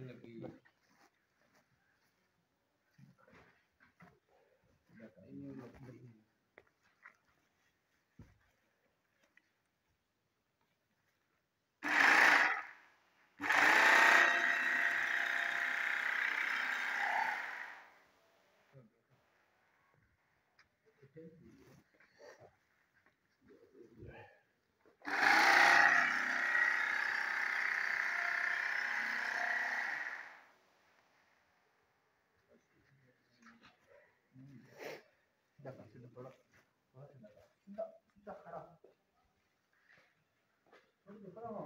anything that we that any of the Thank you.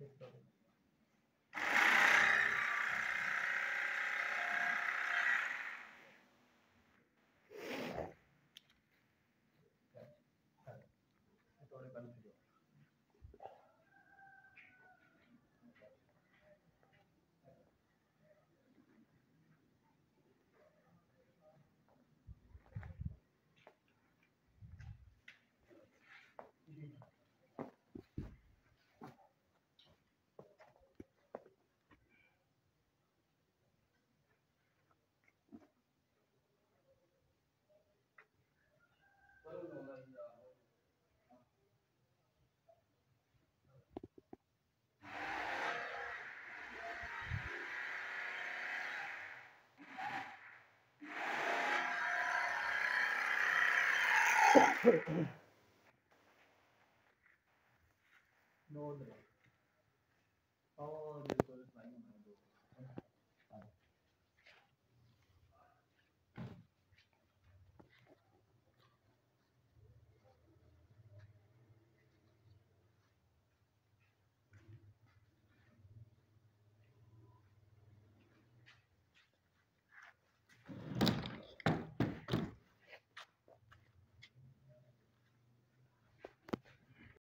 ঠিক পাবেন no, no. All of this was like